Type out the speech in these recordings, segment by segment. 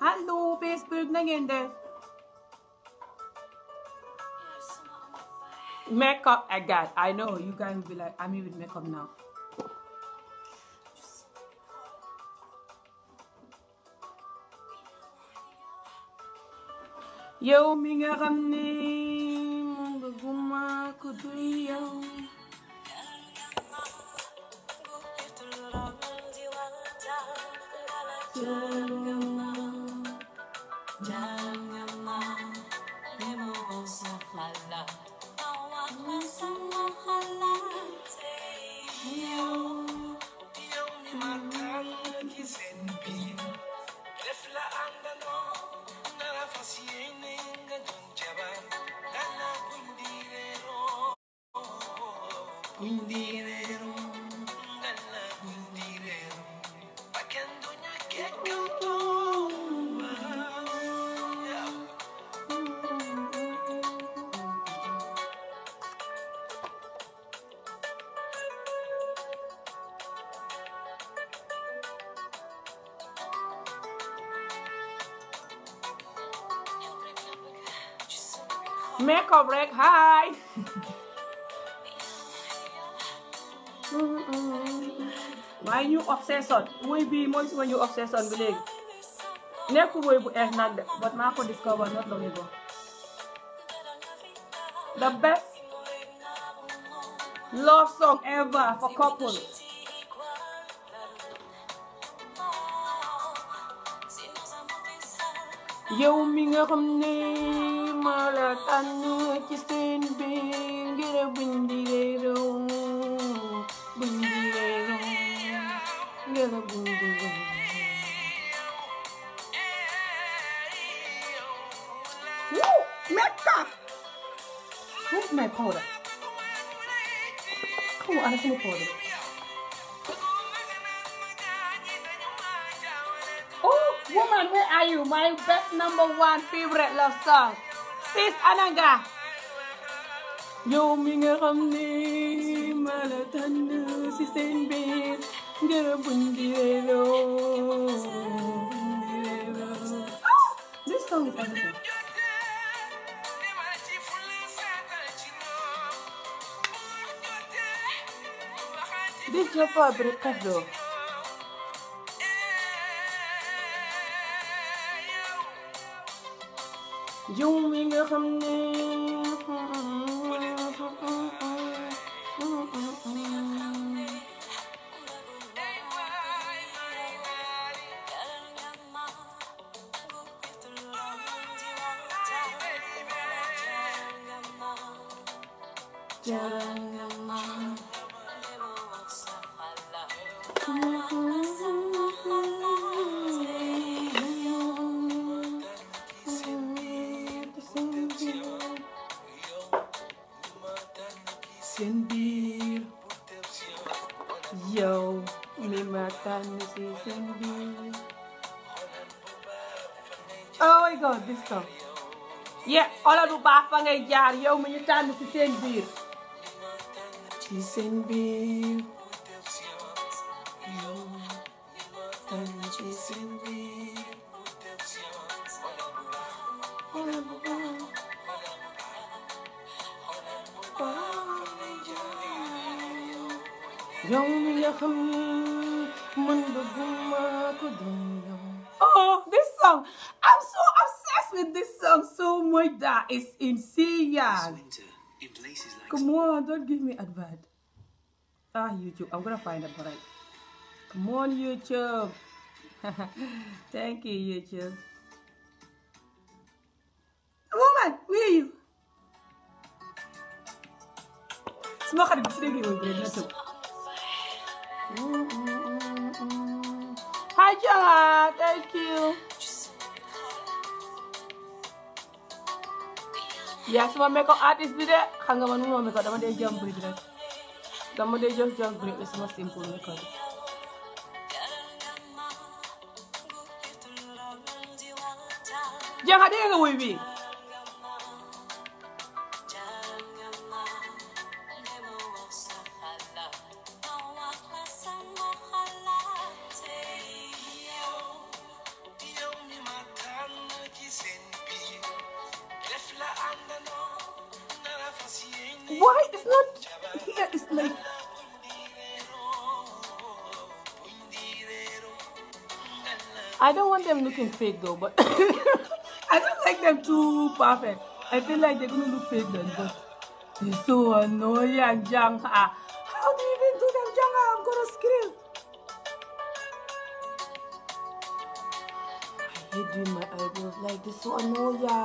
Hallo, Facebook'dan gönder. Makeup I eh, got. I know you guys will be like, I'm here with makeup now. yow mi nga xam ne bëgguma ko dul yow خلا أو أحسن خلاتي يوم يوم ما تعلق سنبي لفلا عندنا نرى فسيني قدون جبان أنا كنديرو كنديرو Make or break high. waaye ñu obsession woy bii mooy suma ñu obsession bi léegi nekkul bu ees but maa ko discover not long ago the best love song ever for couple yow mi nga xam ne maa la tànn ci seen bi ngir buñ digee raw buñ digee raw ngir buñ digee raw makeup where's my powder? Come on, I have some Woman, where are you? My best number song. Sis Ananga. yow mi nga ne ma la tànn si seen biir ngërëm buñ gireeloo gireeloo. Ah, song is everything. This is your favorite cadeau. yow mi nga xam ne hmm, seen biir yow mi ma si seen biir oh god this song yeah olo du baax fa ngay jaar yow mi ñu tànn si seen ci seen biir yow mi nga xam ni man bëgguma ko yow. Oh, this song. I'm so obsessed with this song so much that it's insane. in places like Come on, don't give me advert. Ah, YouTube, I'm gonna find a break. Come on, YouTube. Thank you, YouTube. Woman, where are you? Smoke at the beginning, we're Hi, Jala. Thank you. yaa suma makeup artist bi de xam nga man mu ma makeup dama dee jam bride dama dee jox jam bride suma simple makeup bi jang xa dégg nga wuy bii Why? It's not here. It's like. I don't want them looking fake though, but I don't like them too perfect. I feel like they're gonna look fake then, but they're so annoying, Jang. Ah, how do you even do them, Jang? I'm gonna scream. I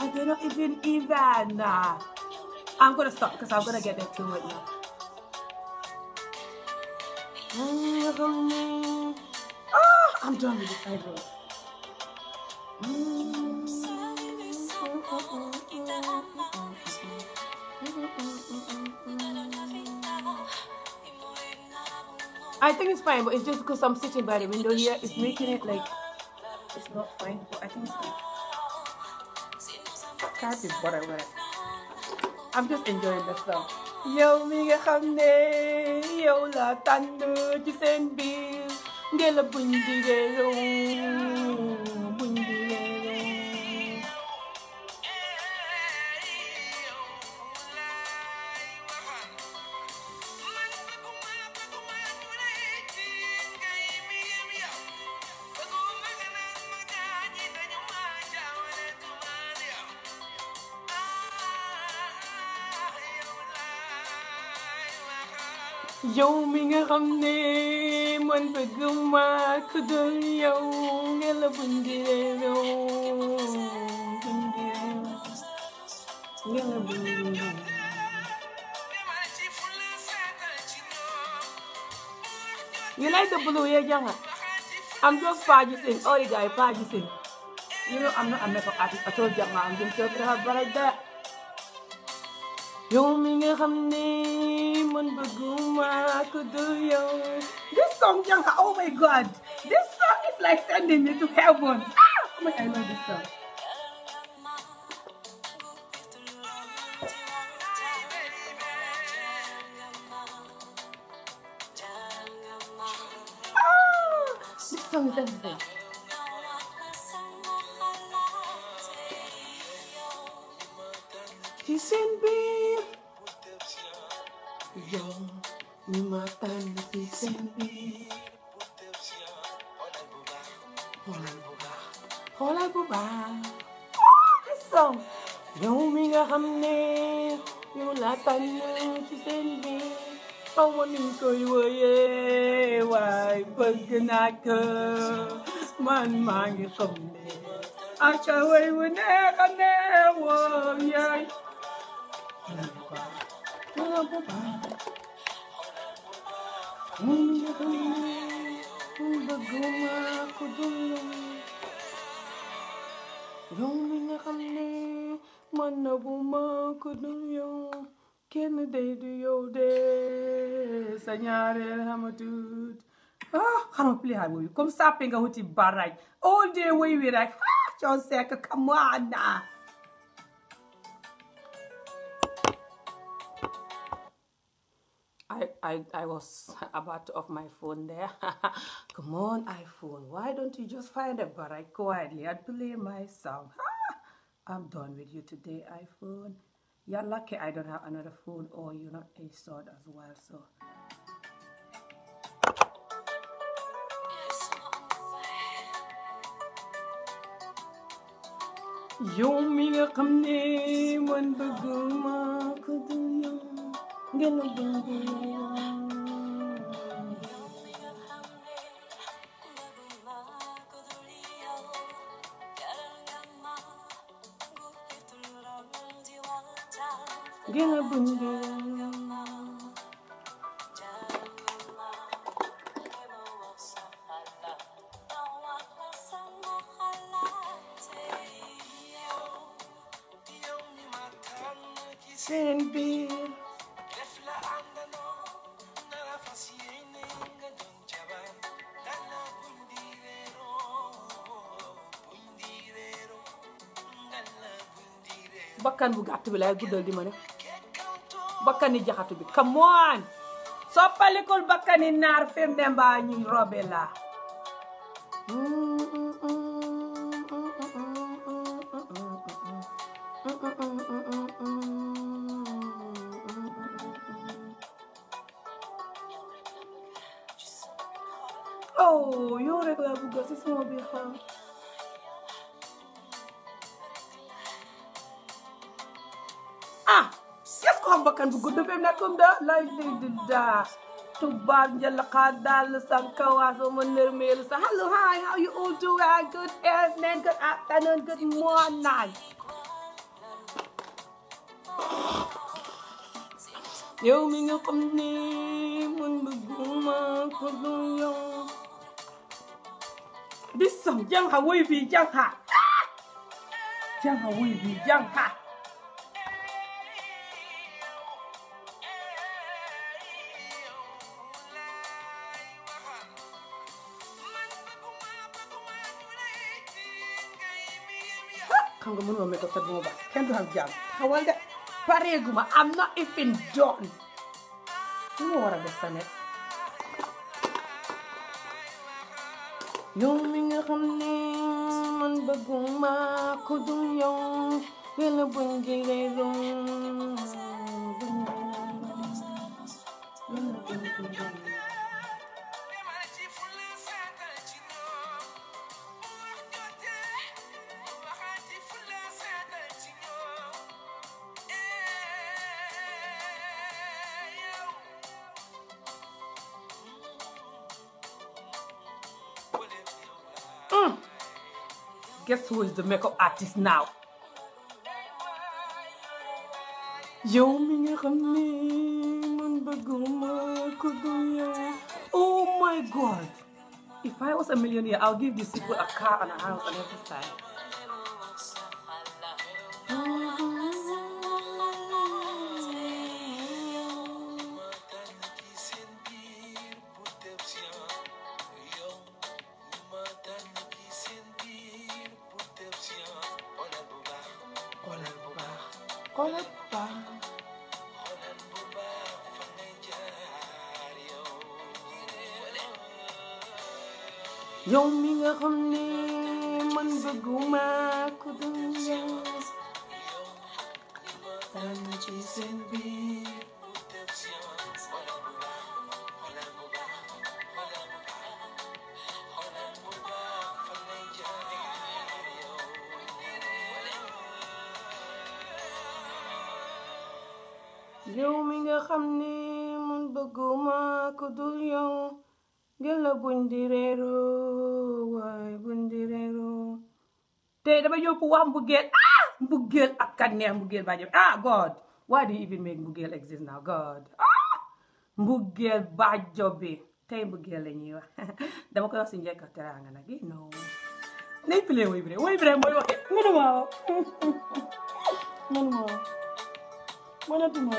Oh, they don't even even. Nah. I'm gonna stop because I'm gonna get there too late now. Oh, I'm done with the side road. I think it's fine, but it's just because I'm sitting by the window here. It's making it like it's not fine, but I think it's fine. can't be bothered with it I'm just enjoying the song yow mi nga xam ne yow la tànn ci seen biir ngelaw buñ jigéen yow mi nga xam ne man bëgg maa ku dul yow nga la bundireeroo bundireeroo nga la bundireeroo You like the blue, yeah, Janga? Ah. I'm just practicing. All the guy practicing. You know, I'm not a makeup artist. I told Janga, I'm just talking about like that. yow mi nga xam ne man bëgguma ku dul yow this song jàng oh my god this song is like sending me to heaven ah oh my god I love this song ah, song is everything. He's in me. yow mi ma tànn ci seen biir xoolal nga xam ne ma nuñ koy wooyee waay bëgg naa ko man maa ngi xam ne a neex woo yaay xoolal bu baax xoolal bu baax Baguma ako dulong Roaming akane Manabuma ako dulong Kenn day du yow de Sa ñaareel xamatut ah xama pli xar wuyu comme ça pe nga wuti baraj all day way wi rek ah Thione Seck come on ah. I, I, I was about to off my phone there. Come on, iPhone. Why don't you just find a barrack quietly and play my song? I'm done with you today, iPhone. You're lucky I don't have another phone or oh, you're not a sword as well, so. yow mi nga xam ne man bëgguma ko dul yow gën a dund gën a bundu seen biir bakkan bu gàtt bi lay guddal di ma ne bakkani jaxatu bi come on soppalikul bakkani naar firnde mbaa ñuy robe oh, laa bakkan bu gudd fi mu nekkum da lay di di da tubaab njëlqa daal san kawaas ma nërmeel sa hello hi how you all doing good evening good afternoon good morning yow mi nga xam ne mën bëgguma ko du yow di sam jàng xa woy bi jàng xa jàng xa woy bi jàng xa mënoo make up sa duma baax kenn du am jàmm xawal de pareeguma am na ifin doon lu ma war a def sa nekk yow mi nga xam ne man bëgguma ku dul yow yàlla buñ jëlee lool who is the makeup artist now yow mi nga xam ni man bëgguma ko du oh my god if I was a millionaire I'll give these people a car and a house and everything yow mi nga xam ne man bëgguma ku dul yow tànn ci seen biir mi nga xam ne man bëgguma ku dul yow gëla bundireeroo waay bundireeroo tey dama yóbbu wax mbugeel ah mbugeel ak kat neex mbugeel bàjjo ah god why do you even make mbugeel exist now god ah mbugeel bàjjo bi tey mbugeel la ñuy wax dama koy wax si njëkk ak teraanga nag yi no nay pilee woy bi rek woy bi rek mooy waxe mënuma mënuma mënatuma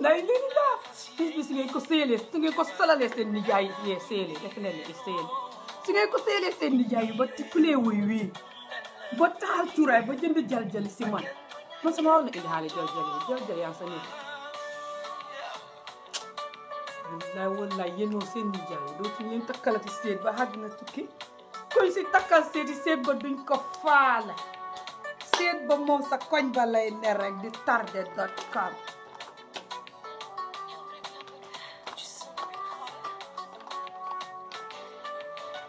la illallah bis su ngeen ko seelee su ngeen ko salalee seen ni seele su ngeen ko seelee seen nijaay yi ba tikkulee wuy ba taal cuuraay ba jënd jaljali si man man sama war na idaale jaljali jaljali yaa sa nekk wallaay wallaay yéenoo seen nijaay yi dootuñu leen takkalati seet ba àddina tukki koñ si takkal seeti seet ba duñ ko faale seet ba moom sa koñ ba lay ner rek di tardé dot com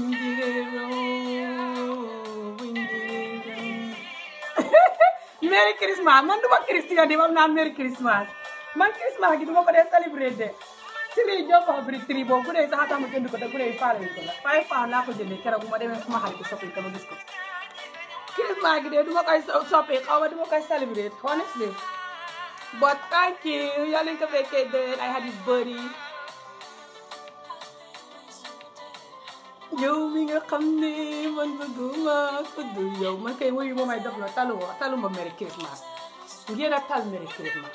merry christmas man duma christian di bam naan merry christmas man christmas gi duma ko dee célébrer de tri jofa brick tri boobu bu dee sax tax ma jënd ko te bu dee faale ko la five pound laa ko jëndee keroog bu ma demee suma xarit soppi te ma gis ko christmas gi de duma koy soppi xaw ma duma koy célébrer honestly but thank you yàlla ko fekkee déwén ay hadis bëri yow mi nga xam ne man bëgguma ku dul yow man kay wuyu moomay def na taluma taluma Merry Christmas ngeen a tal Merry Christmas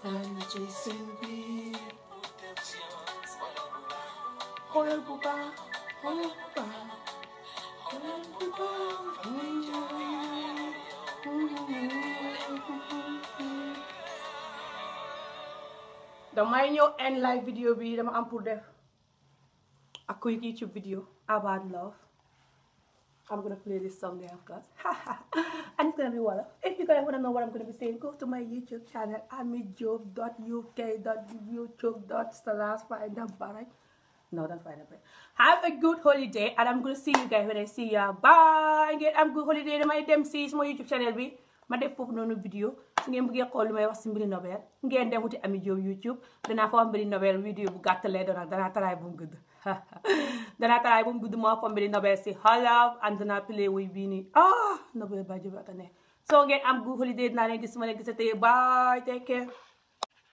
Dama seen biir xoolal bu baax xoolal bu baax xoolal bu baax damay ñëw end live vidéo bi dama am pour def ak kuy YouTube vidéo about love I'm gonna play this song there, of course. a it's gonna be Walla. If you guys wanna know what I'm gonna be saying, go to YouTube channel, amijob.uk.youtube.slash No, don't find it. Have a good holiday, and I'm gonna see you guys when I see ya. Bye! Again, I'm good holiday. My dem see my YouTube channel bi. ma def foofu noonu vidéo su ngeen bëggee xool may wax si mbiri Nobel ngeen dem wuti Ami Jobe YouTube danaa fa wax Nobel vidéo bu gàtt lay doon ak danaa taraay danaa a bu mu gudd moo fombi di nobel si xalaaf and naa play wuy bii nii ah nobel ba jëbaata ne soo ngeen am gu holiday dinaa leen gis ma leen gis a tey bye